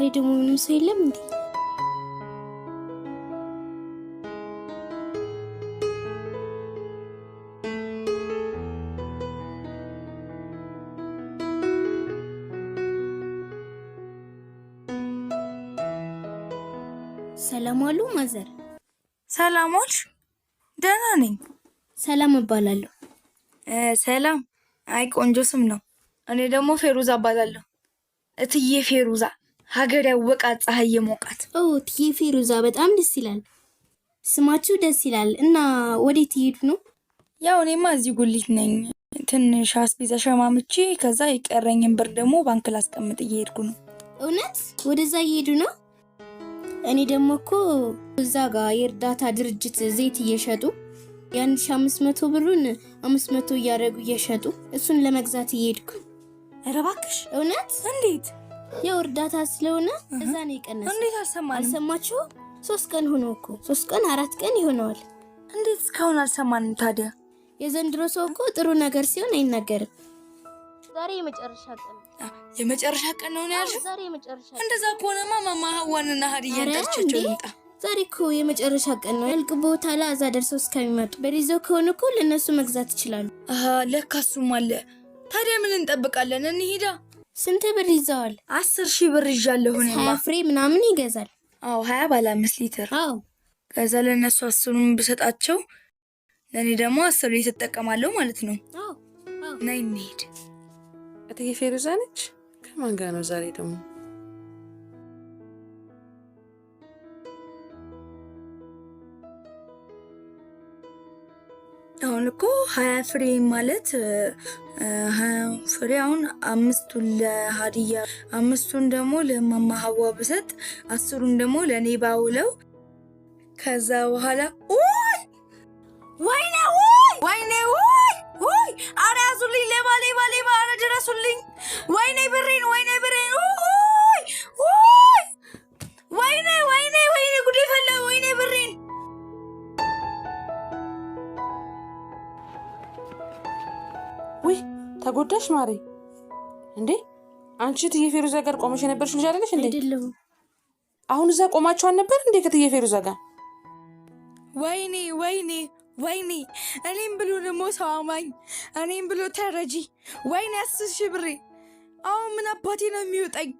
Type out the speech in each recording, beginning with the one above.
ዛሬ ደግሞ ምንም ሰው የለም እንዴ? ሰላም አሉ ማዘር። ሰላም ዋልሽ? ደህና ነኝ። ሰላም እባላለሁ። ሰላም። አይ ቆንጆ ስም ነው። እኔ ደግሞ ፌሩዛ እባላለሁ። እትዬ ፌሩዛ ሀገር ያወቃት ፀሐይ የሞቃት። ኦ ትዬ ፌሩዛ በጣም ደስ ይላል። ስማችሁ ደስ ይላል እና ወዴት ይሄዱ ነው? ያው እኔማ እዚህ ጉሊት ነኝ። ትንሽ አስቤዛ ሸማምቼ ከዛ የቀረኝን ብር ደግሞ ባንክ ላስቀምጥ እየሄድኩ ነው። እውነት ወደዛ እየሄዱ ነው? እኔ ደግሞ እኮ እዛ ጋር የእርዳታ ድርጅት ዘይት እየሸጡ የአንድ ሺ አምስት መቶ ብሩን አምስት መቶ እያደረጉ እየሸጡ እሱን ለመግዛት እየሄድኩ። እባክሽ እውነት እንዴት ያው እርዳታ ስለሆነ እዛ ነው የቀነሰ። እንዴት አልሰማንም? አልሰማችሁ? ሶስት ቀን ሆኖ እኮ ሶስት ቀን አራት ቀን ይሆነዋል። እንዴት እስካሁን አልሰማንም? ታዲያ የዘንድሮ ሰው እኮ ጥሩ ነገር ሲሆን አይናገርም። ዛሬ የመጨረሻ ቀን የመጨረሻ ቀን ነው ያልሽው? ዛሬ የመጨረሻ እንደዛ ከሆነማ ማማ ሀዋንና ሀዲያ ጠርቻቸው ይምጣ። ዛሬ እኮ የመጨረሻ ቀን ነው ያልቅ ቦታ ላይ እዛ ደርሰው እስከሚመጡ በሪዞ ከሆነ እኮ ለእነሱ መግዛት ይችላሉ። ለካሱም አለ። ታዲያ ምን እንጠብቃለን? እንሂዳ ስንት ብር ይዘዋል? አስር ሺህ ብር ይዣለሁ። ሀያ ፍሬ ምናምን ይገዛል። አዎ ሀያ ባለ አምስት ሊትር። አዎ ከዛ ለእነሱ አስሩን ብሰጣቸው ለእኔ ደግሞ አስር ሊትር ትጠቀማለሁ ማለት ነው። ነይ እንሂድ። እትዬ ፌሩዛ ነች። ከማን ጋር ነው ዛሬ ደግሞ? እኮ ሀያ ፍሬ ማለት ፍሬ አሁን አምስቱን ለሀዲያ አምስቱን ደግሞ ሀዋ ብሰጥ አስሩን ደግሞ ለኔ ባውለው ከዛ በኋላ ነሽ ማሬ? እንዴ አንቺ ትዬ ፌሩዛ ጋር ቆመሽ የነበርሽ ልጅ አይደለሽ እንዴ? አሁን እዛ ቆማችኋል ነበር እንዴ ከትዬ ፌሩዛ ጋር? ወይኔ ወይኔ ወይኔ እኔም ብሎ ደግሞ ሰው አማኝ እኔም ብሎ ተረጂ። ወይኔ አስር ሺህ ብሬ አሁን ምን አባቴ ነው የሚወጣኝ?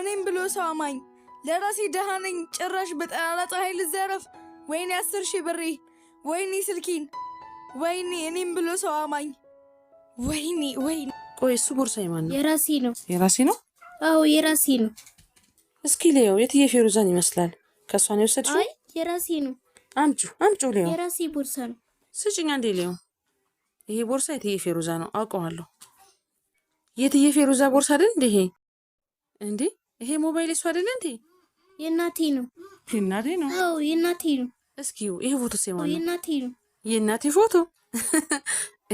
እኔም ብሎ ሰው አማኝ ለራሴ ደሃ ነኝ። ጭራሽ በጠራራ ፀሐይ ልዘረፍ። ወይኔ አስር ሺህ ብሬ ወይኔ ስልኪን ወይኔ እኔም ብሎ ሰው አማኝ ወይኔ ወይኔ፣ ቆይ እሱ ቦርሳ የማን ነው? የራሴ ነው። የራሴ ነው? አዎ የራሴ ነው። እስኪ ሌው የትዬ ፌሩዛን ይመስላል። ከእሷ ነው የወሰድሽው? አይ የራሴ ነው። አምጩ አምጩ፣ ሌው የራሴ ቦርሳ ነው። ስጭኝ አንዴ ሌው። ይሄ ቦርሳ የትዬ ፌሩዛ ነው አውቀዋለሁ። የትዬ ፌሩዛ ቦርሳ አይደል እንዴ? ይሄ እንዴ ይሄ ሞባይል እሱ አይደል እንዴ? የእናቴ ነው። የእናቴ ነው? አዎ የእናቴ ነው። እስኪ ይሄ ፎቶ ሴማ ነው? የእናቴ ነው። የእናቴ ፎቶ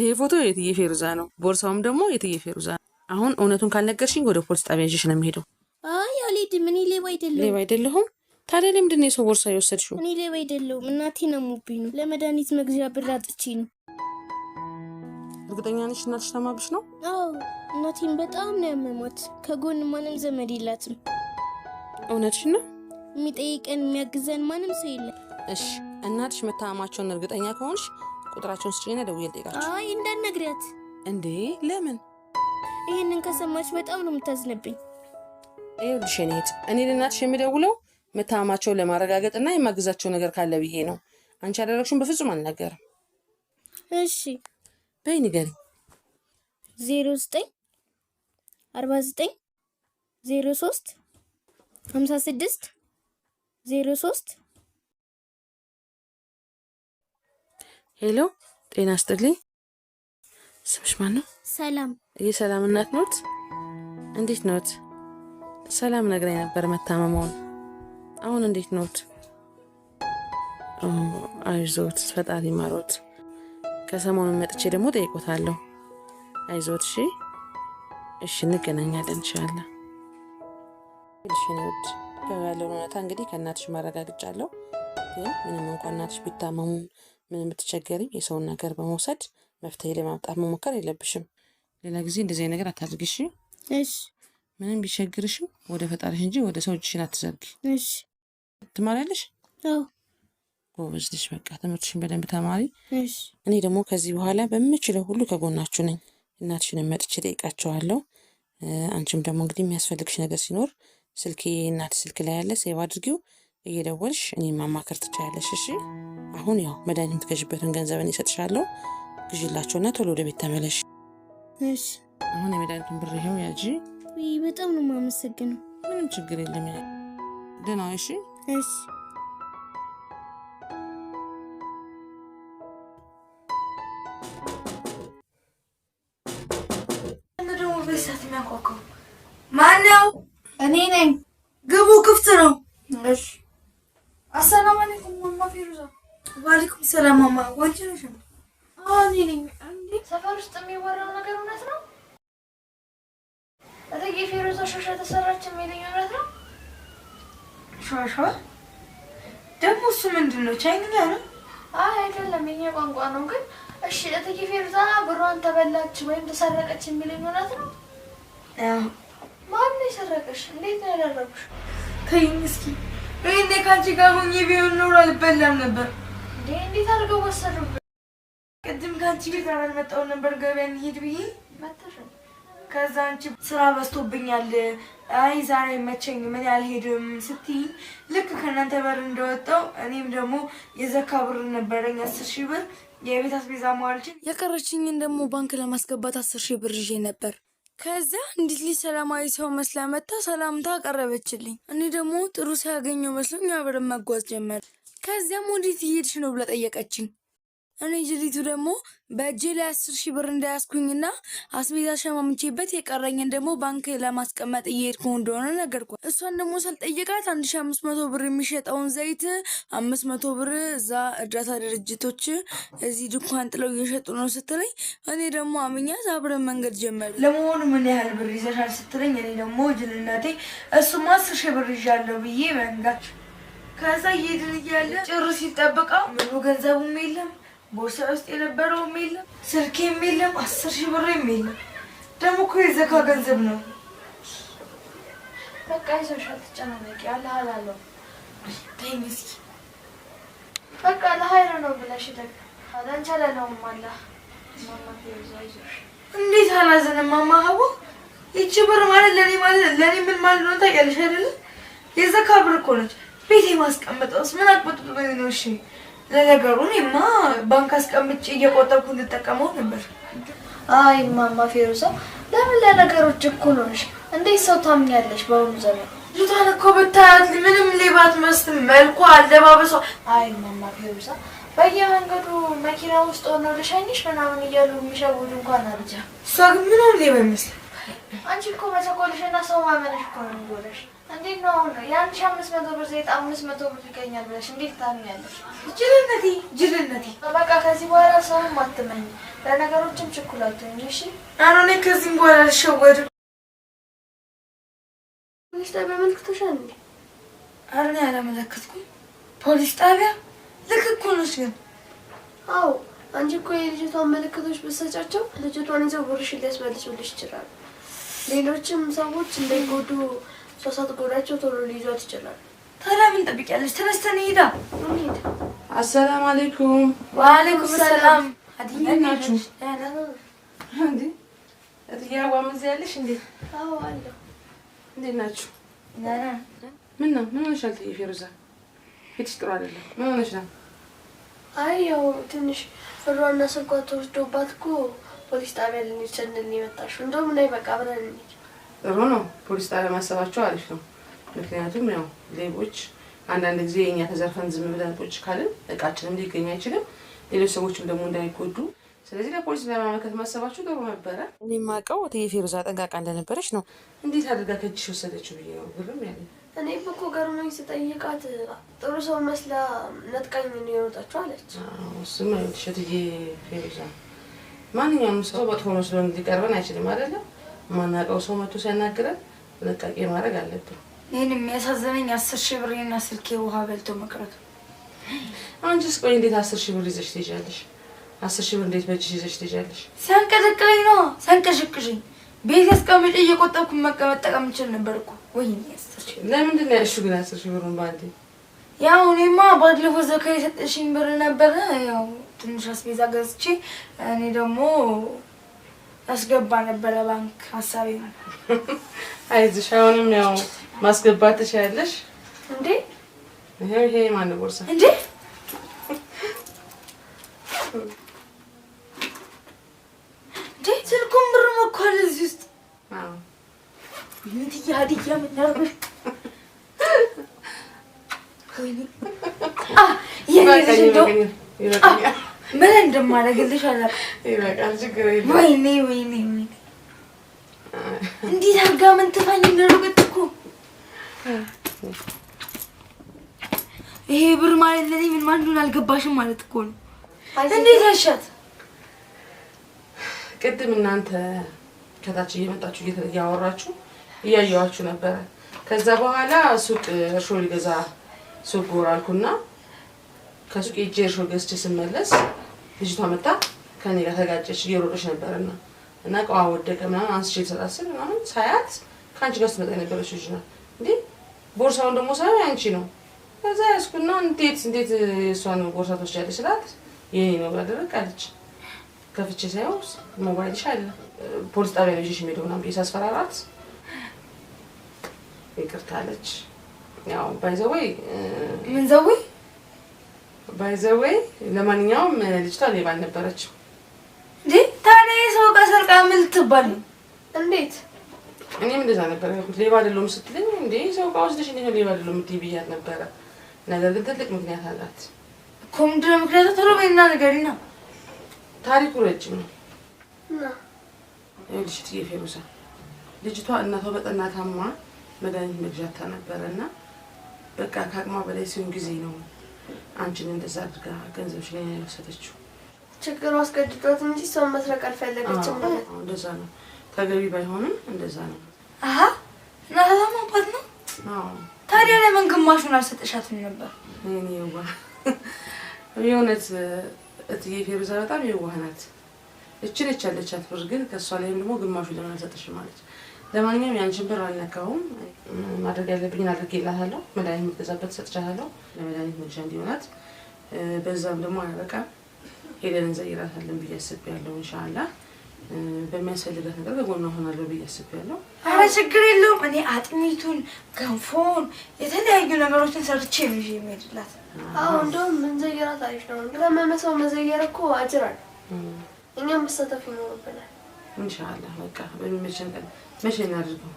ይሄ ፎቶ የትዬ ፌሩዛ ነው፣ ቦርሳውም ደግሞ የትዬ ፌሩዛ ነው። አሁን እውነቱን ካልነገርሽኝ ወደ ፖሊስ ጣቢያ ይዤሽ ነው የሚሄደው። አይ አልሄድም፣ እኔ ሌባ አይደለሁም። ሌባ አይደለሁም? ታዲያ ለምንድን ነው የሰው ቦርሳ የወሰድሽው? እኔ ሌባ አይደለሁም። እናቴ ነሙብኝ ነው። ለመድኃኒት መግዣ ብር አጥቼ ነው። እርግጠኛ ነሽ እናትሽ ተማብሽ ነው? አዎ እናቴም በጣም ነው ያመሟት። ከጎን ማንም ዘመድ የላትም። እውነትሽ ነው። የሚጠይቀን የሚያግዘን ማንም ሰው የለም። እሺ እናትሽ መታመማቸውን እርግጠኛ ከሆንሽ ቁጥራቸውን ስጭኝና ደውዬ ልጠይቃቸው። አይ እንዳትነግሪያት። እንዴ ለምን? ይህንን ከሰማች በጣም ነው የምታዝንብኝ። ይኸውልሽ የእኔ እህት፣ እኔ ለእናትሽ የምደውለው መታመማቸውን ለማረጋገጥ እና የማግዛቸው ነገር ካለ ብዬ ነው። አንቺ ያደረግሽውን በፍጹም አልናገርም። እሺ በይ ንገሪኝ። ዜሮ ዘጠኝ አርባ ዘጠኝ ዜሮ ሶስት ሀምሳ ስድስት ዜሮ ሶስት ሄሎ፣ ጤና ስጥልኝ። ስምሽ ማን ነው? ሰላም። የሰላም እናት ኖት? እንዴት ኖት? ሰላም ነግራኝ ነበር መታመመውን። አሁን እንዴት ኖት? አይዞት፣ ፈጣሪ ማሮት። ከሰሞኑ መጥቼ ደግሞ ጠይቆታለሁ። አይዞት። እሺ፣ እሺ፣ እንገናኛለን። እንችላለ ሽኖች በባለው ሁኔታ እንግዲህ ከእናትሽ ማረጋግጫለሁ። ግን ምንም እንኳ እናትሽ ቢታመሙ ምንም ብትቸገሪ የሰውን ነገር በመውሰድ መፍትሄ ለማምጣት መሞከር የለብሽም። ሌላ ጊዜ እንደዚህ ነገር አታድርግሽ። ምንም ቢቸግርሽም ወደ ፈጣሪሽ እንጂ ወደ ሰው እጅሽን አትዘርጊ። ትማሪያለሽ? ጎበዝ በቃ ትምህርትሽን በደንብ ተማሪ። እኔ ደግሞ ከዚህ በኋላ በምችለው ሁሉ ከጎናችሁ ነኝ። እናትሽንም መጥቼ ጠይቃቸዋለሁ። አንቺም ደግሞ እንግዲህ የሚያስፈልግሽ ነገር ሲኖር ስልኬ እናት ስልክ ላይ ያለ ሴቭ አድርጊው እየደወልሽ እኔ ማማከር ትችላለሽ። እሺ አሁን ያው መድኃኒት የምትገዥበትን ገንዘብን ይሰጥሻለሁ። ግዢላቸውና ቶሎ ወደ ቤት ተመለሽ። እሺ አሁን የመድኃኒቱን ብር ይኸው ያጂ። በጣም ነው የማመሰግነው። ምንም ችግር የለም። ያ ደህና እሺ። እሺ ደግሞ ማን ነው? እኔ ነኝ። ሰላማማ ዋንቺ ነሽ? ሰፈር ውስጥ የሚወራው ነገር እውነት ነው? እቴጌ ፌሮዛ ሾሻ ተሰራች የሚለኝ እውነት ነው? ሾሻ ደግሞ እሱ ምንድን ነው? ቻይንኛ ነው? አይ አይደለም፣ የኛ ቋንቋ ነው። ግን እሺ፣ እቴጌ ፌሮዛ ብሯን ተበላች ወይም ተሰረቀች የሚለኝ እውነት ነው? ማነው የሰረቀሽ? እንዴት ነው ያደረጉሽ? ተይኝ እስኪ። እኔ ከአንቺ ጋር ሆኜ ቢሆን ኖሮ አልበላም ነበር። እንዴት አድርገው ወሰዱብን? ቅድም ከአንቺ ቤት አላልመጣሁም ነበር ገበያ እንሂድ ብዬ ከዛ አንቺ ስራ በዝቶብኛል፣ አይ ዛሬ መቸኝ ምን አልሄድም ስትይ ልክ ከእናንተ በር እንደወጣው እኔም ደግሞ የዘካ ብር ነበረኝ አስር ሺህ ብር የቤት አስቤዛ የቀረችኝን ደግሞ ባንክ ለማስገባት አስር ሺህ ብር ይዤ ነበር። ከዚያ እንዲት ልጅ ሰላማዊ ሰው መስላ ሰላምታ አቀረበችልኝ። እኔ ደግሞ ጥሩ ሲያገኘው መስሎኝ አብረን መጓዝ ጀመር። ከዚያም ወዴት እየሄድሽ ነው ብላ ጠየቀችኝ። እኔ ጅሊቱ ደግሞ በእጄ ላይ አስር ሺህ ብር እንዳያስኩኝና አስቤዛ ሸማምቼበት የቀረኝን ደግሞ ባንክ ለማስቀመጥ እየሄድኩ እንደሆነ ነገርኳት። እሷን ደግሞ ሳልጠየቃት አንድ ሺህ አምስት መቶ ብር የሚሸጠውን ዘይት አምስት መቶ ብር እዛ እርዳታ ድርጅቶች እዚህ ድንኳን ጥለው እየሸጡ ነው ስትለኝ እኔ ደግሞ አምኛት አብረን መንገድ ጀመር። ለመሆኑ ምን ያህል ብር ይዘሻል ስትለኝ እኔ ደግሞ ጅልነቴ እሱም አስር ሺህ ብር ይዣለሁ ብዬ መንጋች ከዛ እየሄድን እያለ ጭር ሲጠበቀው ምኑ ገንዘቡም የለም፣ ቦርሳ ውስጥ የነበረውም የለም፣ ስልኬም የለም፣ አስር ሺህ ብሬም የለም። ደግሞ እኮ የዘካ ገንዘብ ነው። በቃ ይዞሽ አትጨናነቂ፣ አላህ አላለሁ። ተይኝ እስኪ በቃ ለሀይል ነው ብለሽ ደግ አላንቻለ ነው ማላ እንዴት አላዘንም? ሀቦ ይቺ ብር ማለት ለኔ ማለት ለኔ ምን ማለት ነው ታውቂያለሽ አይደለ? የዘካ ብር እኮ ነች። ቤቴ ማስቀምጠውስ ምን አቆጥጦኝ ነው? እሺ ለነገሩ እኔማ ባንክ አስቀምጭ እየቆጠብኩ እንድጠቀመው ነበር። አይ ማማ ፌሩሰው ለምን ለነገሮች እኩል ሆነሽ? እንዴት ሰው ታምኛለሽ? በአሁኑ ዘመን ልጇን እኮ ብታያት ምንም ሌባ አትመስልም። መልኳ፣ አለባበሷ። አይ ማማ ፌሩሳ በየመንገዱ መኪና ውስጥ ሆነው ልሸኝሽ ምናምን እያሉ የሚሸውዱ እንኳን አልጃ። እሷ ግን ምንም ሌባ ይመስል። አንቺ እኮ መቸኮልሽና ሰው ማመንሽ እኮ ነው የሚጎዳሽ እንዴት ነው አሁን የአንድ ሺህ አምስት መቶ ብር ዘይት አምስት መቶ ብር ይገኛል ብለሽ እንዴት ታምኛለሽ? ጅልነቴ ጅልነቴ። በቃ ከዚህ በኋላ ሰውም አትመኝ፣ ለነገሮችም ችኩል አትሁኝ። እሺ አሁን ከዚህም በኋላ ልሸወድ ፖሊስ ጣቢያ አመልክቶሻል እንዴ? ኧረ እኔ አላመለከትኩም። ፖሊስ ጣቢያ ልክ እኮ ነች ግን። አዎ አንቺ እኮ የልጅቷን ምልክቶች ብትሰጫቸው ልጅቷን ይዘው ብርሽ ሊያስመልሱልሽ ይችላሉ። ሌሎችም ሰዎች እንዳይጎዱ እሷ ሳትጎዳቸው ቶሎ ሊይዟት ይችላል። ታዲያ ምን ጠብቂያለሽ? ተነስተን ሄዳ እንሂድ። አሰላም አለይኩም። ወአለይኩም ሰላም። አዲናችሁ ናችሁ? እንዴ ምን ያለሽ? እንዴ አዎ አለሁ። እንዴት ናችሁ? ምን ነው? ምን ሆነሻል? እትዬ ፌሩዛ ፊትሽ ጥሩ አይደለም። ምን ሆነሽ ነው? አይ ያው ትንሽ ፍሯና ስልኳ ተወስዶባት እኮ ፖሊስ ጣቢያ ልንወሰድ ነው የመጣሽው። እንደውም ነይ በቃ አብረን እንሂድ ጥሩ ነው። ፖሊስ ጣቢያ ማሰባቸው አሪፍ ነው። ምክንያቱም ያው ሌቦች አንዳንድ ጊዜ የኛ ተዘርፈን ዝም ብለን ቁጭ ካልን እቃችንም ሊገኝ አይችልም፣ ሌሎች ሰዎችም ደግሞ እንዳይጎዱ። ስለዚህ ለፖሊስ ለማመልከት ማሰባቸው ጥሩ ነበረ። እኔ የማውቀው እትዬ ፌሩዛ ጠንቃቃ እንደነበረች ነው። እንዴት አድርጋ ከእጅሽ ወሰደችው ብዬ ነው ግርም ያለ። እኔ እኮ ገርሞኝ ስጠይቃት ጥሩ ሰው መስላ ነጥቃኝ ነው የወጣችው አለች። ስም ሸትዬ ፌሩዛ ማንኛውም ሰው መጥፎ መስሎ ሊቀርበን አይችልም አይደለም ማናቀው ሰው መቶ ሲያናግረን ጥንቃቄ ማድረግ አለብን። ይህን የሚያሳዝነኝ አስር ሺህ ብሬና ስልኬ ውሃ በልቶ መቅረቱ። አንቺስ ቆይ እንዴት አስር ሺህ ብር ይዘሽ ትሄጃለሽ? አስር ሺህ ብር እንዴት በእጅሽ ይዘሽ ትሄጃለሽ? ሲያንቀዘቅለኝ ነው ሲያንቀሸቅሽኝ። ቤት ያስቀምጭ እየቆጠብኩ መቀመጥ ጠቀም እችል ነበር እኮ። ወይ ለምንድን ነው ያልሺው ግን አስር ሺህ ብሩን በአንዴ? ያው እኔማ ባለፈው ዘካ የሰጠሽኝ ብር ነበረ። ያው ትንሽ አስቤዛ ገዝቼ እኔ ደግሞ አስገባ ነበረ ባንክ ሀሳቤ ነው። አይዞሽ አሁንም ያው ማስገባት ትችያለሽ። እንዴ ይሄ ማነው ቦርሳ? እንዴ እንዴ ስልኩም ብር እኮ እዚህ ውስጥ። አዎ ይሁትዬ ሀዲያ የምናደርገው ወይኔ ምን እንደማደርግልሽ አላውቅም። ወይኔ ወይኔ ወይኔ፣ እንዴት አድርጋ ምን ትፋኝ እንደሩቅት እኮ ይሄ ብር ማለት ለኔ ምን ማለት አልገባሽም ማለት እኮ ነው። እንዴት ቅድም እናንተ ከታች እየመጣችሁ እያወራችሁ እያየዋችሁ ነበረ። ከዛ በኋላ ሱቅ እርሾ ሊገዛ ሱቅ ጎራ ከሱቅ ሄጄ እርሾ ገዝቼ ስመለስ ልጅቷ መጣ ከኔ ጋር ተጋጨች፣ እየሮጠች ነበርና እና እቃዋ ወደቀ ምናምን አንስቼ ልሰጣት ስል ምናምን ሳያት ከአንቺ ጋር ስትመጣ የነበረች ልጅ ናት እንዴ ቦርሳውን ደግሞ ሳይሆን አንቺ ነው። ከዛ ያስኩና እንዴት እንዴት እሷን ቦርሳ ትወስጃለሽ ስላት የኔ ነው ብላ ደረቅ አለች። ከፍቼ ሳይሆን ሞባይልሽ አለ ፖሊስ ጣቢያ ልጅሽ የሚሄደው ምናምን ብዬሽ ሳስፈራራት ይቅርታ አለች። ያው ባይዘወይ ምን ዘወይ ባይዘወይ ለማንኛውም ልጅቷ ሌባ አልነበረችም። እንዴ ታዲያ ሰው ጋር ሰርቃ ምን ልትባል እንዴት እኔም እንደዛ ነበረ ያልኩት። ሌባ አይደለሁም ስትልኝ፣ እንዴ ሰው ጋር ወስደሽ እንዴት ሌባ አይደለሁም የምትይ ብያት ነበረ። ነገር ግን ትልቅ ምክንያት አላት እኮ። ምንድን ነው ምክንያቱ? ቶሎ በይና ንገሪና። ታሪኩ ረጅም ነው። ይኸውልሽ እትዬ ፌሩሳ ልጅቷ እናቷ በጠና ታማ መድኃኒት መግዣታ ነበረ እና በቃ ከአቅሟ በላይ ሲሆን ጊዜ ነው አንቺን እንደዛ አድርጋ ነው የወሰደችው ችግሩ አስገድዷት እንጂ ሰውን መስረቅ አልፈለገችም። እንደዛ ነው፣ ተገቢ ባይሆንም እንደዛ ነው። አሀ ናላ ማባት ነው። ታዲያ ለምን ግማሹን አልሰጠሻትም ነበር? እኔ የዋ የእውነት እትዬ ፌሩዛ በጣም የዋህ ናት። እችን ይቻለቻት ብር ግን ከእሷ ላይም ደግሞ ግማሹ ለምን አልሰጠሽም ማለች ለማንኛውም ያንቺን ብር አልነካውም። ማድረግ ያለብኝን አድርጌላታለሁ። መድኃኒት የምትገዛበት ሰጥቻታለሁ፣ ለመድኃኒት መግዣ እንዲሆናት። በዛም ደግሞ አበቃ ሄደን እንዘይራታለን ብዬ አስቤያለሁ። እንሻላ በሚያስፈልጋት ነገር በጎኗ ሆናለሁ ብዬ አስቤያለሁ። አረ ችግር የለውም። እኔ አጥሚቱን፣ ገንፎን፣ የተለያዩ ነገሮችን ሰርቼ ነው የሚሄድላት። አሁ እንደውም ምንዘየራት አሪፍ ነው። ለመመሰው መዘየር እኮ አጅራል። እኛም መሳተፍ ይኖርብናል። ኢንሻአላህ በቃ በሚመቸን ቀን መቼ እናድርገው?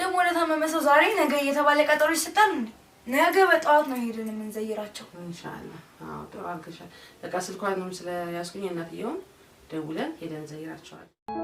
ደግሞ ለታመመ ሰው ዛሬ ነገ እየተባለ ቀጠሮ ይሰጣል ነገ በጠዋት ነው ሄደን የምንዘይራቸው። ኢንሻአላህ ጥሩ አድርገሻል። በቃ ስልኳንም ስለያዝኩኝ እናትየውን ደውለን ሄደን ዘይራቸዋል።